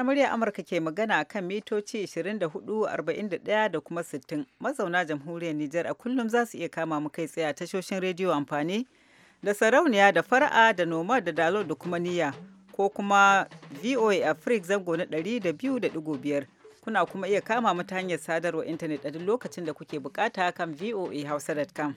na murya Amurka ke magana kan mitoci 24,41 da kuma 60 mazauna jamhuriyar Nijar a kullum za su iya kama mu kai tsaye a tashoshin rediyo amfani da sarauniya da fara'a da noma da dalo da kuma niyya ko kuma VOA Africa zango na 200.5 kuna kuma iya kama mu ta hanyar sadarwa intanet a duk lokacin da kuke bukata kan voa hausa.com.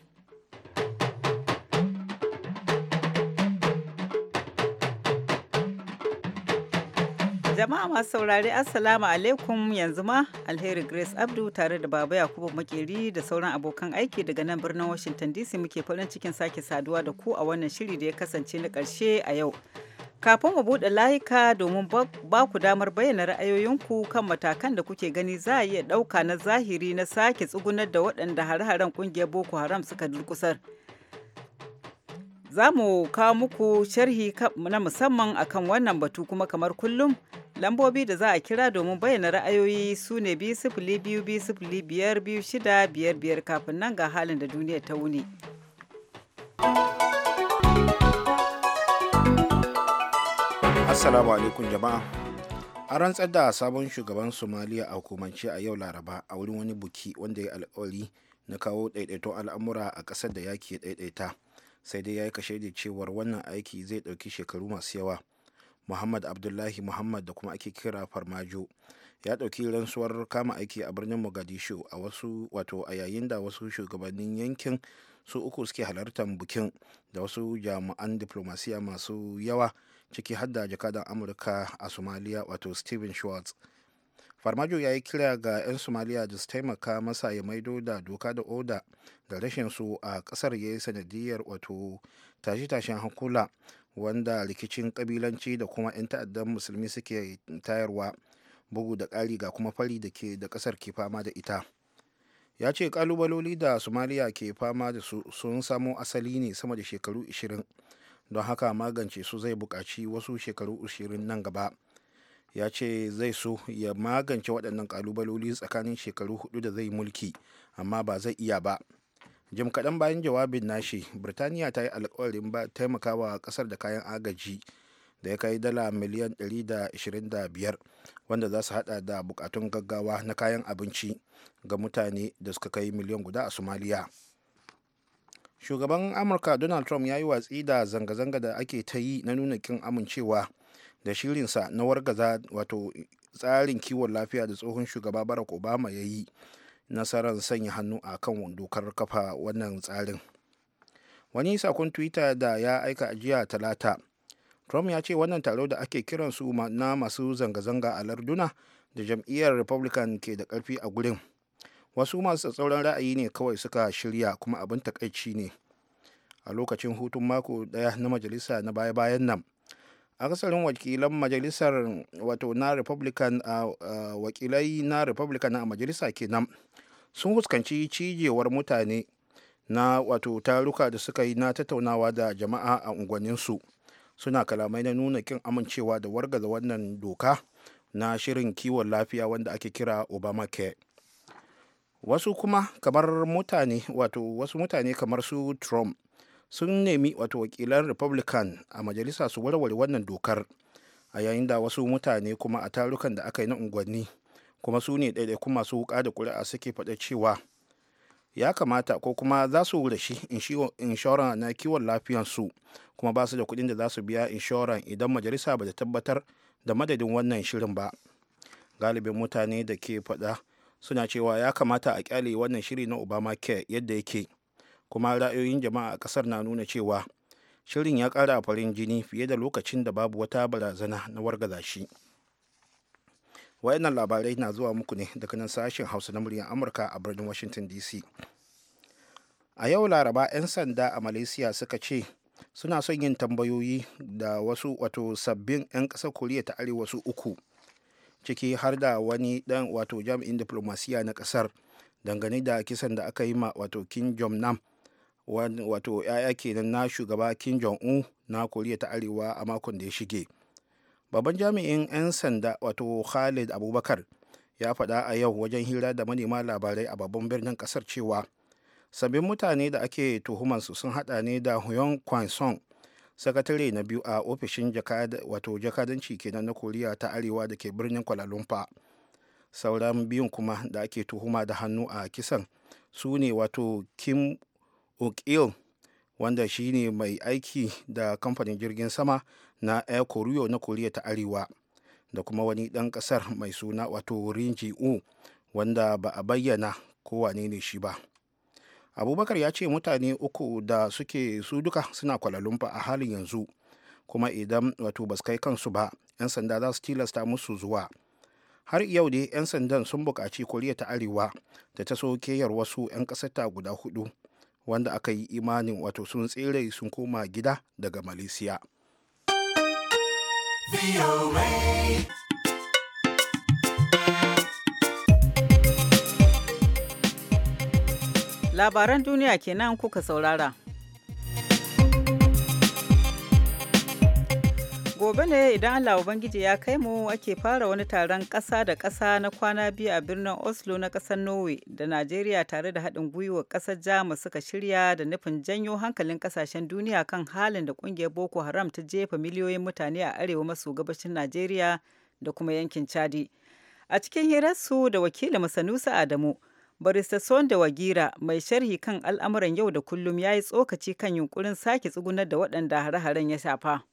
Jama'a masu saurare Assalamu alaikum yanzu ma Alheri Grace Abdu tare da Baba Yakubu Makeri da sauran abokan aiki daga nan birnin Washington DC muke farin cikin sake saduwa da ku a wannan shiri da ya kasance na karshe a yau. Kafin mu buɗe layuka domin ba ku damar bayyana ra'ayoyinku kan matakan da kuke gani za a iya ɗauka na zahiri na sake tsugunar da waɗanda hare-haren ƙungiyar Boko Haram suka durƙusar. Za mu kawo muku sharhi na musamman akan wannan batu kuma kamar kullum Lambobi da za a kira domin bayyana ra'ayoyi su ne biyar biyu shida biyar biyar kafin nan ga halin da duniya ta wuni. Assalamu alaikum jama'a. An rantsar da sabon shugaban somalia a hukumance a yau Laraba a wurin wani buki wanda ya alkawari na kawo ɗaiɗaiton al'amura a ƙasar da yake ɗaiɗaita. Sai dai ya yi kashe da cewar wannan aiki zai ɗauki shekaru masu yawa. muhammad abdullahi muhammad da kuma ake kira farmajo ya ɗauki ransuwar kama aiki a birnin mogadishu a wasu wato a yayin da wasu shugabannin yankin su uku suke halartar bukin da wasu jami'an diplomasiya masu yawa ciki hadda jakadan amurka a somaliya wato steven schwartz farmajo ya yi kira ga 'yan somaliya da su taimaka masa ya maido da doka da oda da rashin su a kasar ya yi sanadiyar wato tashe-tashen hankula wanda rikicin kabilanci da kuma 'yan ta'addan musulmi suke tayarwa bugu da ƙari ga kuma fari da ke da ƙasar ke fama da ita ya ce kalubaloli da somaliya ke fama da su sun samo asali ne sama da shekaru 20 don haka magance su zai buƙaci wasu shekaru 20 nan gaba ya ce zai so ya magance waɗannan kalubaloli tsakanin shekaru hudu da zai mulki amma ba zai iya ba jim kaɗan bayan jawabin nashi birtaniya ta yi alkawarin taimakawa ƙasar da kayan agaji da ya kai dala miliyan 125 wanda za su hada da bukatun gaggawa na kayan abinci ga mutane da suka kai miliyan guda a somaliya shugaban amurka donald trump ya yi watsi da zanga-zanga da ake ta yi na nuna kin amincewa da shirinsa na wargaza wato tsarin kiwon lafiya da tsohon shugaba barack obama ya yi nasarar sanya hannu a kan dokar kafa wannan tsarin wani sakon twitter da ya aika ajiya jiya talata trump ya ce wannan taro da ake kiran su na masu zanga-zanga a larduna da jam'iyyar republican ke da karfi a gurin wasu masu tsatsauran ra'ayi ne kawai suka shirya kuma abin takaici ne a lokacin hutun mako daya na majalisa na baya-bayan nan kasarin wakilan majalisar wato na republican a wakilai na republican a majalisa kenan sun fuskanci cijewar mutane na wato taruka da suka yi na tattaunawa da jama'a a unguwanninsu suna kalamai na nuna kin amincewa da wargaza wannan doka na shirin kiwon lafiya wanda ake kira obamacare wasu kuma kamar mutane wato wasu mutane kamar su trump sun nemi wato wakilan republican a majalisa su warware wannan dokar a yayin da wasu mutane kuma a tarukan da aka yi na unguwanni kuma su ne kuma su wuka da ƙuri'a suke faɗa cewa ya kamata ko kuma za su rashi inshoran na kiwon lafiyansu kuma ba su da kuɗin da za su biya inshoran idan majalisa ba ta tabbatar da madadin wannan shirin ba galibin mutane da ke faɗa suna cewa ya kamata a kyale wannan shiri na obama care yadda yake kuma ra'ayoyin jama'a a kasar na nuna cewa shirin ya ƙara farin jini fiye da lokacin da babu wata barazana na wargaza shi wayannan labarai na zuwa muku ne daga nan sashen hausa na muryar amurka a birnin washington dc a yau laraba 'yan sanda a malaysia suka ce suna son yin tambayoyi da wasu wato sabbin 'yan ƙasar koriya ta arewa su uku ciki har da wani dan wato jami'in diplomasiya na ƙasar dangane da kisan da aka yi ma wato kim jong nam wato 'ya'ya kenan na shugaba kim jong-un na koriya ta arewa a makon da ya shige babban jami'in 'yan sanda wato khalid abubakar ya faɗa a yau wajen hira da manema labarai a babban birnin ƙasar cewa sabbin mutane da ake su sun haɗa ne da huyon kwan song sakatare na biyu a ofishin wato jakadanci kenan na koriya ta arewa da ke birnin kuala sauran biyun kuma da ake tuhuma da hannu a kisan su ne wato kim O'Neill wanda shi ne mai aiki da kamfanin jirgin sama na Air Koryo na Koriya ta Arewa da kuma wani ɗan ƙasar mai suna wato rinji U wanda ba a bayyana ko wane ne shi ba. Abubakar ya ce mutane uku da suke su duka suna kwalalumfa a halin yanzu kuma idan wato ba su kai kansu ba 'yan sanda za su tilasta musu zuwa. har yau dai 'yan sandan sun buƙaci koriya ta arewa da ta so keyar wasu 'yan ta guda hudu wanda aka yi imanin wato sun tsere sun koma gida daga malaysia labaran duniya kenan kuka saurara Gobe ne idan Allah Ubangiji ya kai mu ake fara wani taron ƙasa da ƙasa na kwana biyu a birnin Oslo na ƙasar Norway da Najeriya tare da haɗin gwiwa ƙasar Jamus suka shirya da nufin janyo hankalin ƙasashen duniya kan halin da ƙungiyar Boko Haram ta jefa miliyoyin mutane a arewa maso gabashin Najeriya da kuma yankin Chadi. A cikin hirarsu da wakilin musanusa Adamu, barista sonde Wagira mai sharhi kan al'amuran yau da kullum ya yi tsokaci kan yunkurin sake tsugunar da waɗanda hare-haren ya shafa.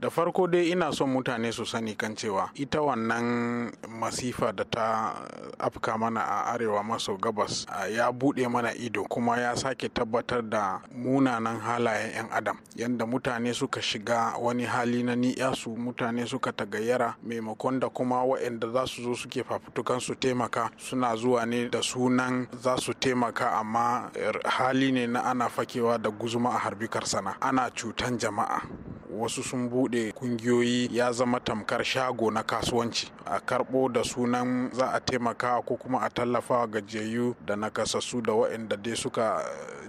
da farko dai ina son mutane su sani kan cewa ita wannan masifa da ta afka mana a arewa maso gabas ya bude mana ido kuma ya sake tabbatar da munanan halayen 'yan adam yadda mutane suka shiga wani hali na ni'yasu mutane suka tagayyara maimakon da kuma waɗanda za su zo suke fafutukan su taimaka suna zuwa ne da sunan za su taimaka amma er, hali ne na ana fakewa da guzuma a harbikar sana ana cutan jama'a wasu sun buɗe bude kungiyoyi ya zama tamkar shago na kasuwanci a karbo da sunan za a taimaka ko kuma a tallafa gajiyayyu da nakasassu da waɗanda dai suka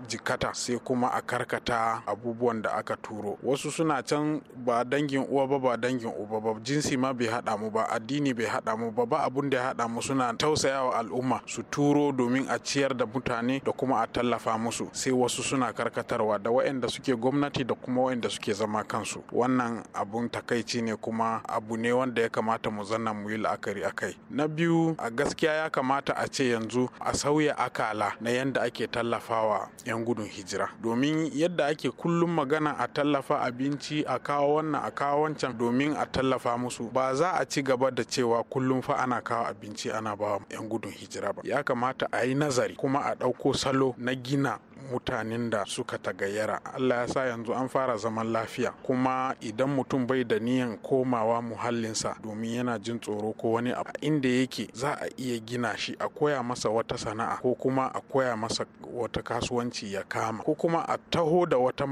jikata sai kuma a karkata abubuwan da aka turo wasu suna can ba dangin uwa ba ba dangin uba ba jinsi ma bai hada mu ba addini bai hada mu ba ba abun da ya hada mu suna tausayawa al'umma su turo domin a ciyar da mutane da kuma a tallafa musu sai wasu suna karkatarwa da waɗanda suke gwamnati da kuma waɗanda suke zama kansu wannan abun takaici ne kuma abu ne wanda ya kamata mu zanna mu yi la'akari akai na biyu a gaskiya ya kamata a ce yanzu a sauya akala na yanda ake tallafawa 'yan gudun hijira domin yadda ake kullum magana a tallafa abinci a kawo wannan a kawo wancan domin a tallafa musu ba za a ci gaba da cewa kullum fa ana kawo abinci ana ba 'yan gudun hijira ba ya kamata a yi nazari kuma a ɗauko salo na gina mutanen da suka tagayyara allah ya sa yanzu an fara zaman lafiya kuma idan mutum bai da niyan komawa muhallinsa domin yana jin tsoro ko wani abu inda yake za a iya gina shi a koya masa wata sana'a ko kuma a koya masa wata kasuwanci ya kama ko kuma a taho da wata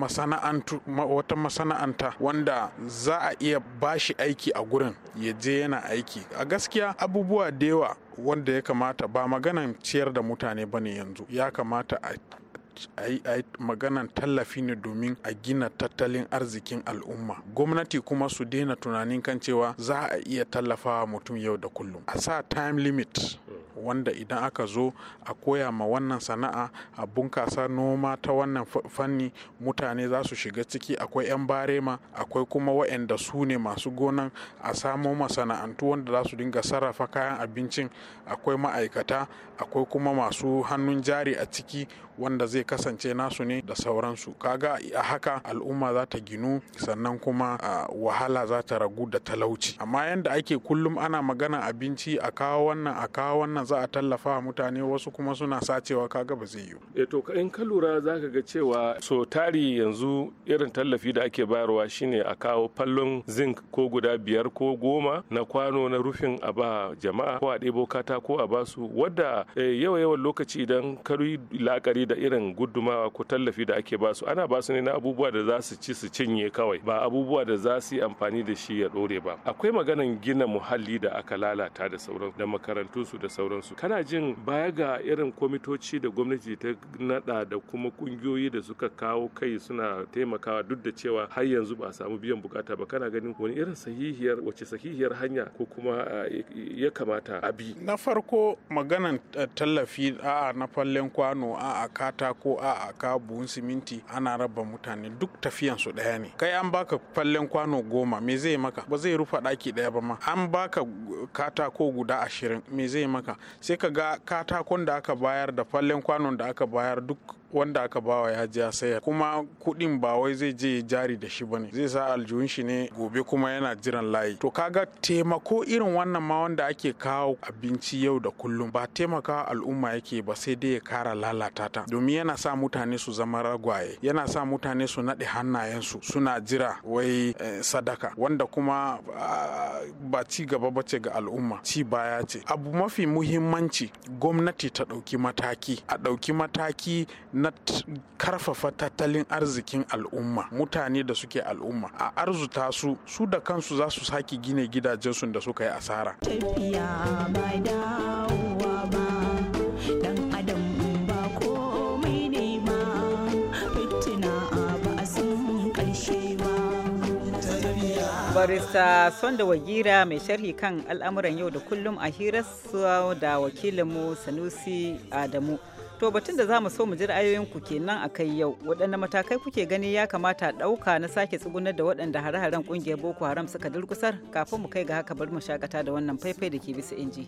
masana'anta wanda za a iya bashi aiki a gurin ya je yana aiki a gaskiya abubuwa da yawa wanda ya kamata ba maganan ciyar da mutane bane yanzu ya kamata a a maganan tallafi ne domin a gina tattalin arzikin al'umma gwamnati kuma su daina tunanin kan cewa za a iya tallafawa mutum yau da kullum a sa time limit wanda idan aka zo a koya ma wannan sana'a a bunkasa noma ta wannan fanni mutane za su shiga ciki akwai 'yan barema akwai kuma wa'anda su ne masu gonan a samo masana'antu wanda za su dinga sarrafa kayan abincin akwai ma'aikata akwai kuma masu hannun jari a ciki wanda zai kasance nasu ne da sauransu kaga a haka al'umma za ta ginu sannan kuma wahala za ta ragu da talauci amma yanda ake kullum ana magana abinci a kawo wannan a kawo wannan za a tallafa wa mutane wasu kuma suna sacewa kaga ba zai yiwu eh to in ka lura za ka ga cewa so tari yanzu irin tallafi da ake bayarwa shine a kawo fallon zinc ko guda biyar ko goma na kwano na rufin a ba jama'a ko a ɗebo katako a basu wadda eh, yawa yawan lokaci idan ka yi da irin gudumawa ko tallafi da ake basu ana basu ne na abubuwa da za su ci su cinye kawai ba abubuwa da za su yi amfani da shi ya dore ba akwai maganan gina muhalli da aka lalata da sauran da makarantun su da sauransu kana jin baya ga irin kwamitoci da gwamnati ta nada da kuma kungiyoyi da suka kawo kai suna taimakawa duk da cewa har yanzu ba a samu biyan bukata ba kana ganin wani irin sahihiyar wace sahihiyar hanya ko kuma eh, ya kamata a bi na farko maganan eh, tallafi a'a na fallen kwano a'a katako a ka buhun siminti ana raba mutane duk tafiyan su ɗaya ne kai an baka fallen kwano goma me zai maka ba zai rufa ɗaki ɗaya ba ma an baka katako guda ashirin me zai maka sai ka ga katakon da aka bayar da fallen kwanon da aka bayar duk wanda aka bawa ya ji sayar kuma kuɗin ba wai zai je jari da shi bane zai sa aljihun shi ne gobe kuma yana jiran layi to kaga taimako irin wannan ma wanda ake kawo abinci yau da kullum ba taimaka al'umma yake ba sai dai ya kara lalata ta domin yana sa mutane su zama ragwaye yana sa mutane su naɗe hannayensu suna jira wai eh, sadaka wanda kuma ah, ba ci gaba bace ga al'umma ci baya ce abu mafi muhimmanci gwamnati ta ɗauki mataki a ɗauki mataki na karfafa tattalin arzikin al'umma mutane da suke al'umma a arzuta su su da kansu za su sake gine gidajensu da suka yi asara tafiya ba dawowa ba komai ne ba karshe barista sonda wagira mai sharhi kan al'amuran yau da kullum a hirarsu da wakilinmu sanusi adamu To batun da za mu so mu ji ra'ayoyinku kenan a kai yau, waɗanne matakai kuke gani ya kamata ɗauka na sake tsugunar da waɗanda hare-haren ƙungiyar Boko Haram suka durkusar kafin mu kai ga haka bari mu shakata da wannan faifai da ke bisa inji.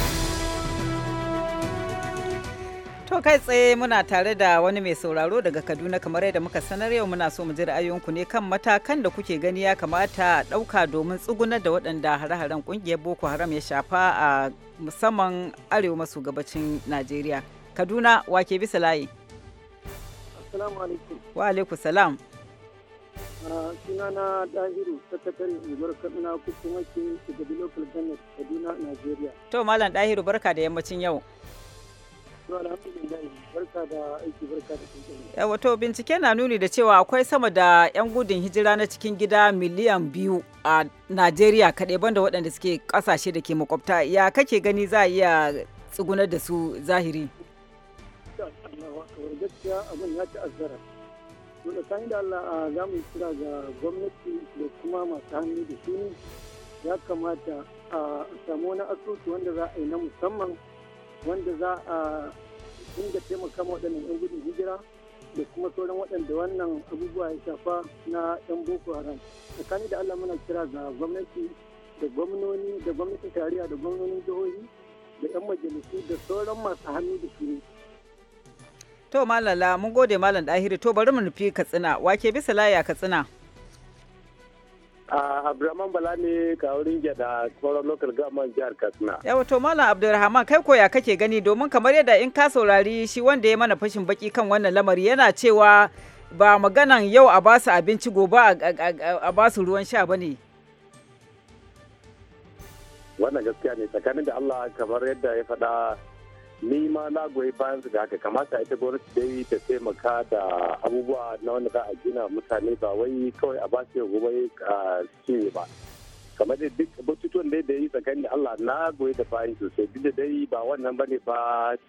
To kai tsaye muna tare da wani mai sauraro daga Kaduna kamar yadda muka sanar yau muna so mu ji ra'ayoyinku ne kan matakan da kuke gani ya kamata a ɗauka domin tsugunar da waɗanda hare-haren ƙungiyar Boko Haram ya shafa a musamman arewa maso gabacin Najeriya. Kaduna wake bisa layi. Assalamu alaikum. Wa alaikum salam. Sunana Dahiru, sakatare Unguwar Kaduna Kukumake, Kaduna Local Government, Kaduna, Najeriya. To Malam Dahiru barka da yammacin yau. wato bincike na nuni da cewa akwai sama da 'yan gudun hijira na cikin gida miliyan biyu a najeriya kaɗai banda waɗanda suke ƙasashe da ke makwabta ya kake gani za a iya tsugunar da su zahiri gaskiya da Allah a za kira ga gwamnati da kuma masu hannu da shuni ya kamata a samu wani asusu wanda za a yi na musamman wanda za a inda taimaka waɗannan 'yan gudun hijira da kuma sauran waɗanda wannan abubuwa ya shafa na 'yan boko haram tsakani da allah muna kira ga gwamnati da gwamnoni da gwamnatin tarayya da gwamnonin jihohi da 'yan majalisu da sauran masu hannu da shi to malala mun gode malam dahiru to bari mu nufi katsina wake bisa laya katsina Abdurrahman Bala ne wurin da sauran local government jihar Katsina. Yawa to Malam Abdulrahman kai koya kake gani domin kamar yadda in ka saurari shi wanda ya mana fashin baki kan wannan lamari yana cewa ba maganan yau a basu abinci gobe a basu ruwan sha bane. Wannan gaskiya ne tsakanin da Allah kamar yadda ya faɗa ni ma na goyi bayan su da haka kamata ita gwamnati dai ta taimaka da abubuwa na wanda za a gina mutane ba wai kawai a basu yau gobe a cinye ba kamar da duk batutuwan dai da yi tsakanin Allah na goyi da bayan sosai duk da dai ba wannan bane ba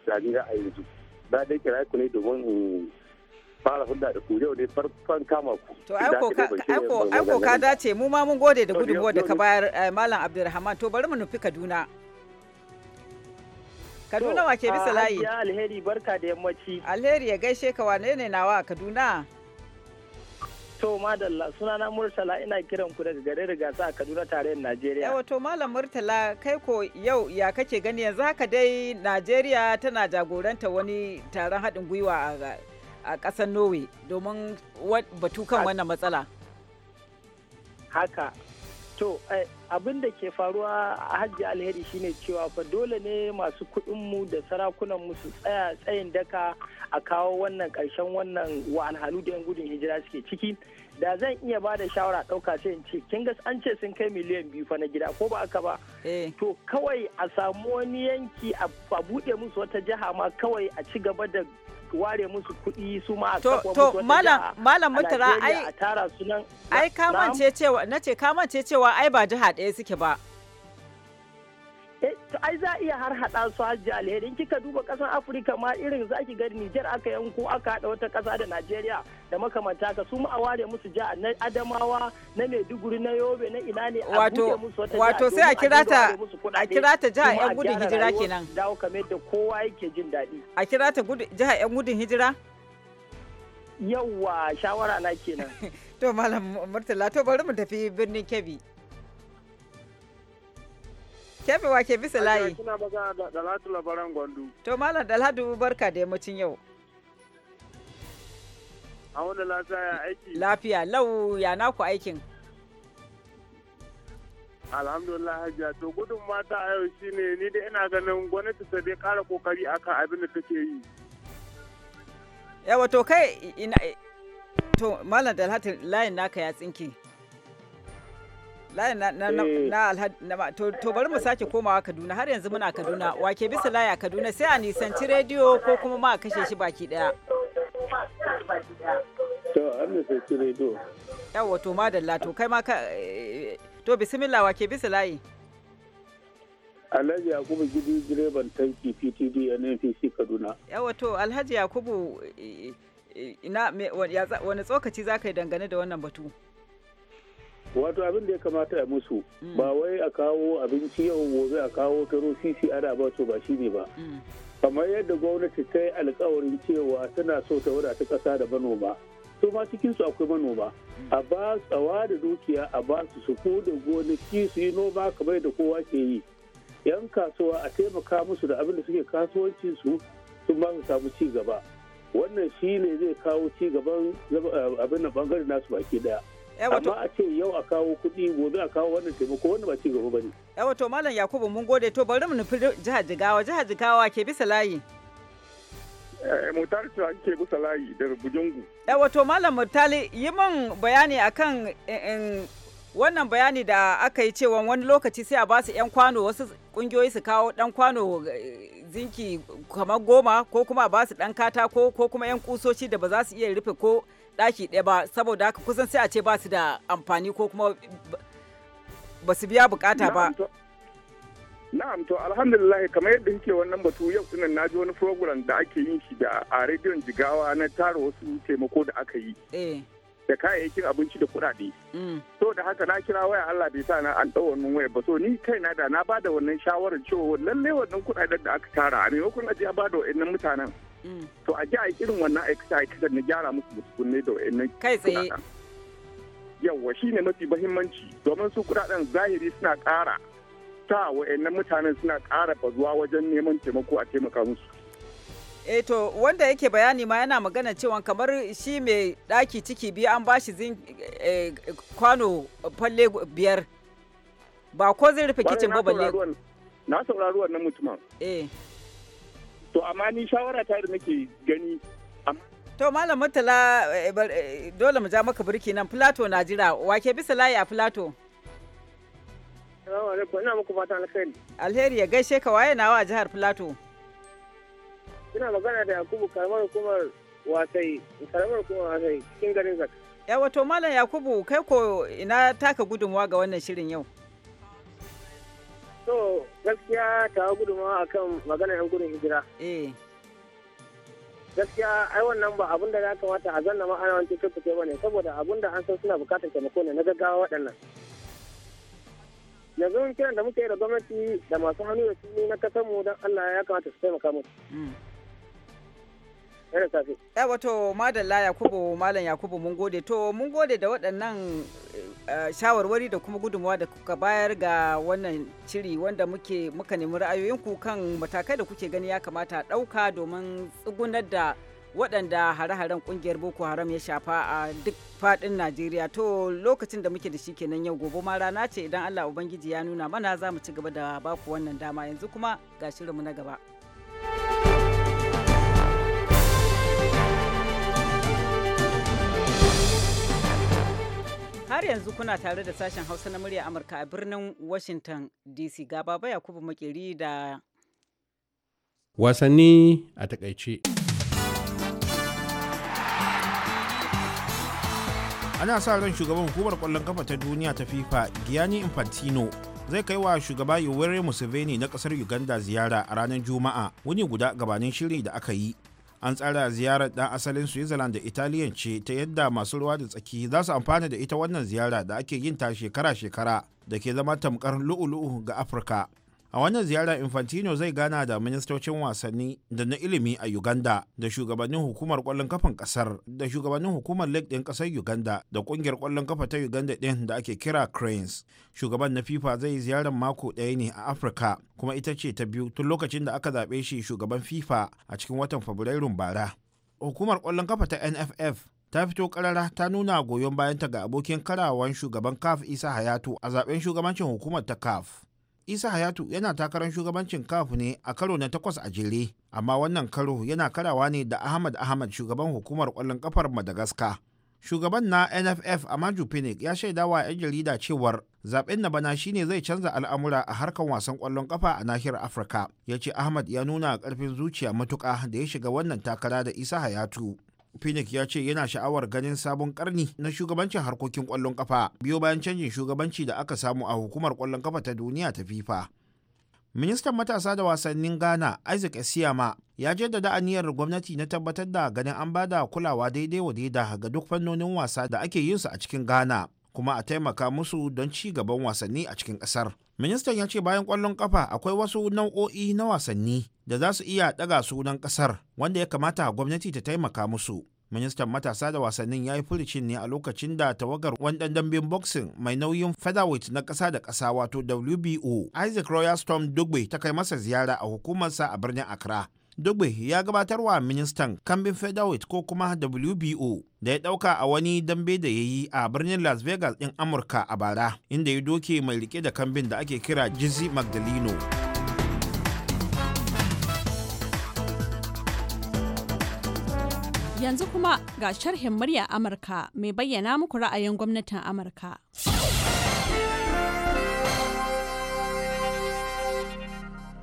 tunani a yanzu na dai kira ku ne domin fara hulɗa da ku yau ne farkon kama ku. To aiko ka dace mu ma mun gode da gudunmuwar da ka bayar eh, Malam Abdulrahman to bari mu nufi Kaduna. Kaduna wa ke bisa layi. Alheri barka da yammaci. Alheri ya gaishe ka wane ne nawa a Kaduna? To madalla na Murtala ina kiran ku daga garin Rigasa a Kaduna tarayyar Najeriya. Yawa to malam Murtala kai ko yau ya kake gani yanzu haka dai Najeriya tana jagoranta wani taron haɗin gwiwa a ƙasar Norway domin batu kan wannan matsala. Haka To eh, abin da ke faruwa a hajji alheri shine cewa fa dole ne masu kuɗinmu da sarakunanmu su tsaya tsayin daka a kawo wannan ƙarshen wannan wa'alhalu da 'yan gudun hijira suke ciki. da zan iya ba da shawara ɗauka sai in ce kin ga an ce sun kai miliyan biyu fa na gida ko ba aka ba eh. to kawai a samu wani yanki a buɗe musu wata jiha ma kawai a ci gaba da ware musu kuɗi su ma a kafa musu wata malam malam mutara ai a tara sunan ai ka mance cewa nace ka mance cewa ai ba jiha ɗaya suke ba Eh, to ai za iya har hada su hajji alheri in kika duba kasar afirka ma irin za ki ga nijar aka yanko aka hada wata kasa da najeriya da makamanta ka su ma a ware musu ja na adamawa na maiduguri na yobe na ina ne a musu wata wato sai a kira ta a kira ta jiha yan gudun hijira kenan dawo kamar da kowa yake jin daɗi a kira ta jiha yan gudun hijira yawwa shawara na kenan to malam murtala to bari mu tafi birnin kebbi kefe wa ke bisa layi. To Malam dalhadu barka da yammacin yau. A wanda lafiya aiki. Lafiya lau ya naku aikin. alhamdulillah hajiya to gudun mata a yau shine ni da ina ganin gwamnati ta dai kara kokari akan abin da take yi yawa to kai ina to malam dalhatin layin naka ya tsinke layi na na na eh. to bari mu sake komawa Kaduna har yanzu muna Kaduna wake bisa laya Kaduna sai a nisanci rediyo ko kuma ma a kashe shi baki daya to an nisanci rediyo yawa to madalla to kai ma ka eh, to bismillah wake bisa layi Alhaji Yakubu Gidi direban tanki PTD a NPC Kaduna. Yawa to Alhaji Yakubu eh, ina wani tsokaci za ka yi dangane da wannan batu? wato abin da ya kamata a musu mm. ba wai a kawo abinci yau gobe a kawo taro sisi ana ba su ba shi ne ba mm. kamar yadda gwamnati ta yi alkawarin cewa tana so ta wadata ƙasa da manoma to ma cikin su akwai manoma mm. a ba tsawa da dukiya a ba su su da gonaki su yi noma kamar da kowa ke yi yan kasuwa a taimaka musu da abin da suke kasuwancin su sun ba su samu ci gaba wannan shi ne zai kawo ci gaban eh, abin da bangare nasu baki daya Eh, amma a ce yau a kawo kuɗi gobe a kawo wannan taimako wannan ba ci gaba ba ne. yawa eh, to malam yakubu mun gode to bari mu nufi jihar jigawa jihar jigawa ke bisa layi. Eh, mutari cewa ke bisa layi daga bujungu yawa to malam mutali yi min bayani akan wannan bayani da aka yi cewa wani lokaci sai a ba su 'yan kwano wasu kungiyoyi su kawo dan kwano zinki kamar goma ko kuma a ba su dan katako ko kuma 'yan kusoci da ba za su iya rufe ko daki ɗaya ba saboda haka kusan sai a ce ba su da amfani ko kuma ba su biya bukata ba. Na'am to alhamdulillah kamar yadda kike wannan batu yau dinan ji wani program da ake yin shi da a rediyon jigawa na tara wasu taimako da aka yi. Eh. Da kayayyakin abinci da kuɗaɗe. So mm. da haka na kira waya Allah bai sa na an ɗau wannan waya ba so ni kai na da na bada wannan shawarar cewa lalle wannan kuɗaɗen da aka tara a maimakon aje a bada wa'annan mutanen. Mm. to a ji a irin wannan aikace da na gyara musu muskunne da wa'annan kai tsaye shi ne mafi mahimmanci domin su kudaden zahiri suna kara. sa wa'annan mutanen suna kara bazuwa wajen neman taimako a taimaka musu e to wanda yake bayani ma yana magana cewa kamar shi mai daki ciki biyu an bashi zin eh, kwano falle biyar ba ko zai rufe kicin ba balle na saurari wannan mutumin eh to amma ni shawara ta da nake gani to malam murtala eh, eh, dole mu ja maka birki nan plato na jira wake bisa layi a plato ina muku fata alheri alheri ya gaishe ka waye nawa a jihar plato ina magana da yakubu karamar hukumar wasai karamar hukumar wasai cikin garin zaka yawa to malam yakubu kai ko ina taka gudunmuwa ga wannan shirin yau so gaskiya ta gudunmawa akan maganar 'yan gudun hijira. Eh. gaskiya ai wannan ba abun da ya kamata a zanna ma ana wancan ba ne saboda abun da an san suna bukatar taimako ne na gaggawa waɗannan yanzu kiran da muke da gwamnati da masu hannu da su na kasar mu don Allah ya kamata su taimaka musu mm. Ya wato Madalla Yakubu Malam Yakubu mun gode to mun gode da waɗannan eh, eh, shawarwari da kuma gudunmawa da kuka bayar ga wannan ciri wanda muke muka nemi ra'ayoyinku kan matakai da kuke gani ya kamata ɗauka domin tsugunar da waɗanda hare-haren ƙungiyar Boko Haram ya shafa a duk faɗin Najeriya to lokacin da muke da shi kenan yau gobe ma rana ce idan Allah Ubangiji ya nuna mana za mu ci gaba da baku wannan dama yanzu kuma ga shirinmu na gaba. Har yanzu kuna tare da sashen Hausa na murya Amurka a birnin Washington DC ga Baba Yakubu Makeri da wasanni a takaice. Ana sa ran shugaban hukumar kwallon kafa ta duniya ta FIFA Gianni Infantino zai kai wa shugaba Yoweri Museveni na kasar Uganda ziyara a ranar Juma'a wuni guda gabanin shiri da aka yi an tsara ziyarar dan asalin switzerland da italiyan ce ta yadda masu ruwa da tsaki za su amfana da ita wannan ziyara da ake yin ta shekara-shekara da ke zama tamkar lu'u-lu'u ga afirka a wannan ziyara infantino zai gana da ministocin wasanni da na ilimi a uganda da shugabannin hukumar kwallon kafan kasar da shugabannin hukumar lake ɗin kasar uganda da kungiyar kwallon kafa ta uganda ɗin da ake kira cranes shugaban na fifa zai ziyarar mako ɗaya ne a afirka kuma ita ce ta biyu tun lokacin da aka zaɓe shi shugaban fifa a cikin watan fabrairun bara hukumar kwallon kafa ta nff ta fito karara ta nuna goyon bayanta ga abokin karawan shugaban caf isa hayatu a zaben shugabancin hukumar ta caf isa hayatu yana takarar shugabancin kaf ne a karo na takwas a jere amma wannan karo yana karawa ne da ahmad ahmad shugaban hukumar kwallon kafar madagascar shugaban na nff amaju phoenix ya shaida wa 'yan jarida cewar zaben na bana shine zai canza al'amura a harkar wasan kwallon kafa a nahiyar afirka ya ce ahmad ya nuna karfin zuciya matuka da ya shiga wannan takara da isa hayatu Phoenix ya ce yana sha'awar ganin sabon karni na shugabancin harkokin kwallon kafa biyo bayan canjin shugabanci da aka samu a hukumar kwallon kafa ta duniya ta FIFA. Ministan matasa da wasannin Ghana Isaac Esiyama ya jaddada aniyar gwamnati na tabbatar da ganin an bada kulawa daidai wa daida ga duk fannonin wasa da ake yin su a cikin Ghana kuma a taimaka musu don ci gaban wasanni a cikin kasar. ministan ya ce bayan kwallon kafa akwai wasu nau'o'i na wasanni da za su iya daga sunan kasar wanda ya kamata gwamnati ta taimaka musu ministan matasa da wasannin ya yi furicin ne a lokacin da tawagar wandan dambin boxing mai nauyin featherweight na kasa da kasa wato wbo isaac royal storm dugbe ta kai masa ziyara a hukumarsa a birnin accra Dugbe ya gabatarwa ministan kambin featherweight ko kuma WBO da ya dauka a wani dambe da ya yi a birnin Las Vegas din Amurka a bara inda ya doke mai rike da kambin da ake kira Jizzy Magdalino. Yanzu kuma ga sharhin murya Amurka mai bayyana muku ra'ayin gwamnatin Amurka.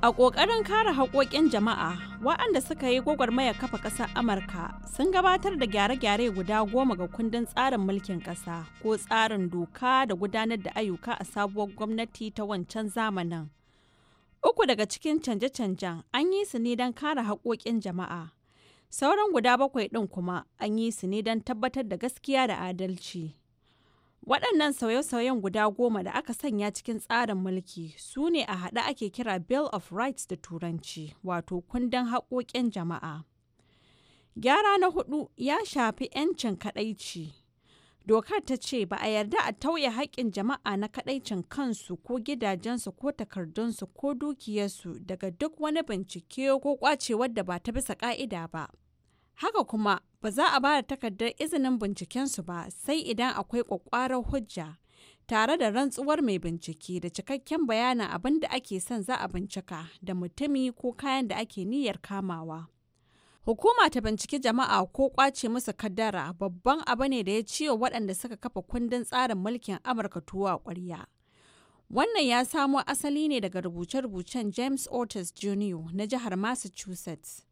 A ƙoƙarin kare haƙoƙin jama'a, waɗanda suka yi gwagwarmaya kafa ƙasar Amurka sun gabatar da gyare-gyare guda goma ga kundin tsarin mulkin ƙasa ko tsarin doka da gudanar da ayyuka a sabuwar gwamnati ta wancan zamanin. Uku daga cikin canje-canjen an yi su ne don kare haƙoƙin jama'a. Sauran guda bakwai ɗin kuma an yi su ne don tabbatar da gaskiya da adalci. Waɗannan sauye-sauyen guda goma da aka sanya cikin tsarin mulki su ne a haɗe ake kira Bill of Rights da Turanci, wato kundin haƙoƙin jama'a. Gyara na hudu ya shafi 'yancin kaɗaici. Dokar ta ce ba a yarda a tauye haƙƙin jama'a na kaɗaicin kansu ko gidajensu ko takardunsu ko dukiyarsu daga duk wani bincike ko ƙwacewar da ba ta bisa ƙa'ida ba. Haka kuma ba za a ba da takardar izinin bincikensu ba sai idan akwai ƙwaƙƙwarar hujja tare da rantsuwar mai bincike da cikakken bayanin abin da ake son za a bincika da mutumi ko kayan da ake niyyar kamawa. Hukuma ta binciki jama'a ko kwace musu kaddara babban abu ne da ya ciwo waɗanda suka kafa kundin tsarin mulkin Amurka tuwa ƙwarya. Wannan ya samo asali ne daga rubuce-rubucen James Otis Jr. na jihar Massachusetts.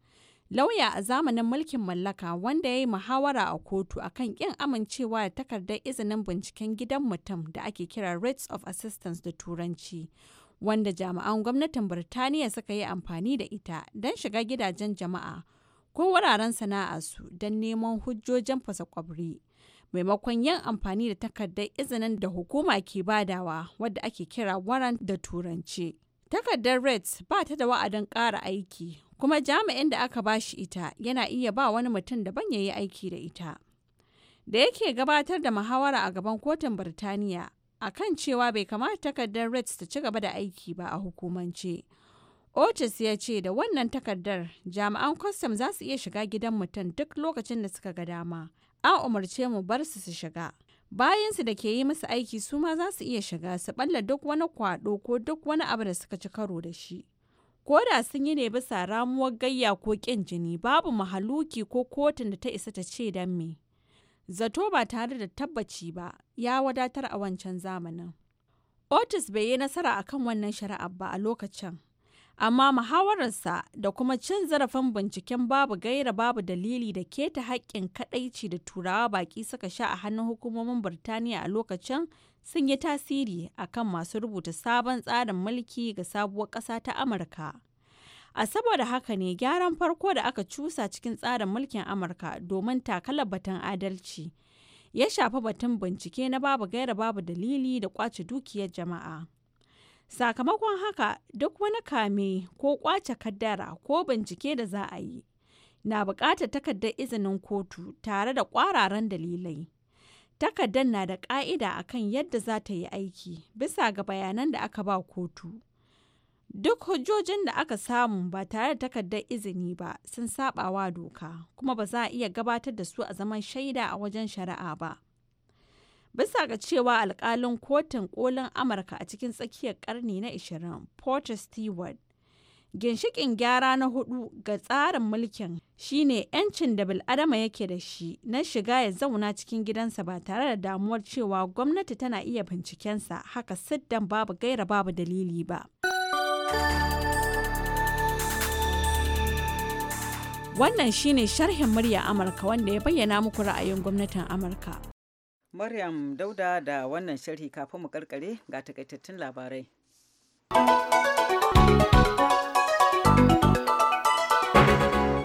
lauya a zamanin mulkin mallaka wanda ya yi muhawara a kotu akan kin amincewa da takardar izinin binciken gidan mutum da ake kira rates of assistance da turanci wanda jami'an gwamnatin birtaniya suka yi amfani da ita don shiga gidajen jama'a ko wuraren sana'a su don neman hujjojin fasa kwabri maimakon yin amfani da takardar izinin da hukuma ke badawa wadda ake kira waran da turanci takardar rates ba ta da wa'adin ƙara aiki kuma jami'in da aka ba shi ita yana iya ba wani mutum daban ya yi aiki da ita. Da yake gabatar da muhawara a gaban kotun Birtaniya a kan cewa bai kamata takardar Reds ta ci gaba da aiki ba a hukumance. Otis ya ce da wannan takardar jami'an kwastam za su iya shiga gidan mutum duk lokacin da suka ga dama. An umarce mu bar su su shiga. Bayan su da ke yi musu aiki su ma za su iya shiga su ɓalla duk wani kwado ko duk wani abu da suka ci karo da shi. ko sun yi ne bisa ramuwar gayya ko ƙin jini babu mahaluki ko kotun da ta isa ta ce don me zato ba tare da tabbaci ba ya wadatar a wancan zamanin otis bai yi nasara a kan wannan shari'ar ba a lokacin amma muhawararsa da kuma cin zarafin binciken babu gaira babu dalili da keta haƙƙin kaɗaici da turawa baƙi suka sha a hannun hukumomin birtaniya a lokacin sun yi tasiri a kan masu rubuta sabon tsarin mulki ga sabuwar ƙasa ta Amurka. A saboda haka ne gyaran farko da aka cusa cikin tsarin mulkin Amurka domin takalar batun adalci ya shafi batun bincike na babu gaira babu dalili da kwace dukiyar jama'a. Sakamakon haka duk wani kame ko kwace kaddara ko bincike da za a yi na buƙatar takardar izinin kotu tare da ƙwararan dalilai. Takardar na da ƙa'ida a kan yadda za ta yi aiki, bisa ga bayanan da aka ba kotu. Duk hujjojin da aka samu ba tare da takardar izini ba sun saɓawa doka, kuma ba za a iya gabatar da su a zaman shaida a wajen shari'a ba. bisa ga cewa alkalin kotun kolin amurka a cikin tsakiyar karni na 20 porter stewart Ginshikin gyara na hudu ga tsarin mulkin shine 'yancin da bil'adama yake da shi na shiga ya zauna cikin gidansa ba tare da damuwar cewa gwamnati tana iya bincikensa haka siddan babu gaira babu dalili ba. Wannan shine sharhin murya Amurka wanda ya bayyana muku ra'ayin gwamnatin Amurka. Maryam Dauda da wannan sharhi kafin mu karkare ga takaitattun labarai.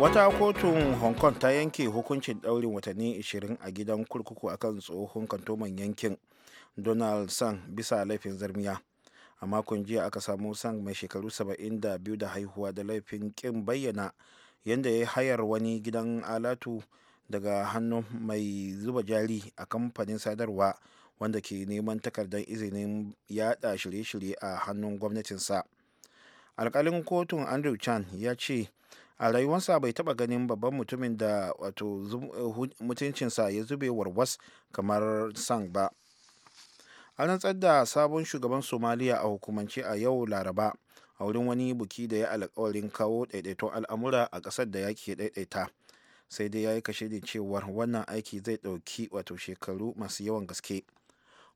wata kotun hong kong ta yanke hukuncin ɗaurin watanni 20 a gidan kurkuku akan tsohon kantoman yankin donald sang bisa laifin zarmiya a makon jiya aka samu sang mai shekaru 72 da haihuwa da laifin kin bayyana yadda ya hayar wani gidan alatu daga hannun mai zuba jari a kamfanin sadarwa wanda ke neman takardar izinin yada shirye-shirye a hannun gwamnatinsa alkalin kotun andrew chan ya ce a rayuwarsa bai taba ganin babban mutumin da wato eh, mutuncinsa ya zube warwas kamar sang ba an rantsar da sabon shugaban somaliya a hukumance a yau laraba a wurin wani buki da ya alkawarin kawo daidaito al'amura a ƙasar da yake daidaita sai dai ya yi kashe da cewar wannan aiki zai ɗauki wato shekaru masu yawan gaske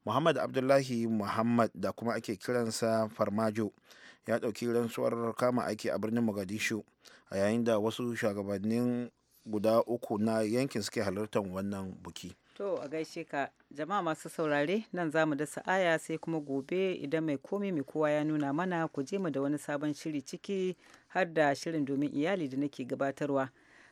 muhammad abdullahi muhammad da kuma ake kiransa farmajo ya ɗauki rantsuwar kama aiki a birnin mogadishu a yayin da wasu shugabannin guda uku na yankin suke halartar wannan buki to a gaishe ka jama'a masu saurare nan zamu da sa'aya sai kuma gobe idan mai komi mai kowa ya nuna mana ku je mu da wani sabon shiri ciki har da shirin domin iyali da nake gabatarwa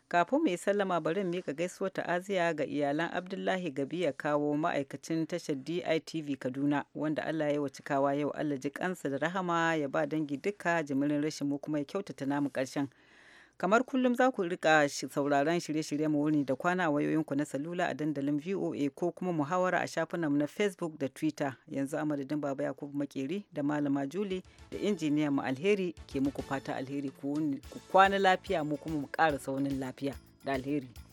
kafin mai sallama bari mika gaisuwar ta'aziya ga iyalan abdullahi gabi ya kawo ma'aikacin tashar ditv kaduna wanda allah ya wuce kawa yau allah ji kansa da rahama ya ba dangi duka jimirin rashin mu kuma ya kyautata namu karshen Kamar kullum za ku rika sauraron shirye-shiryen mu wuni da kwana a wayoyinku na salula a dandalin VOA ko kuma muhawara a shafinan na Facebook da Twitter. Yanzu amadadin Baba Yakubu Makeri da Malama juli da injiniya mu Alheri ke muku fata alheri ku kwana lafiya mu kuma mu ƙara saunin lafiya da alheri.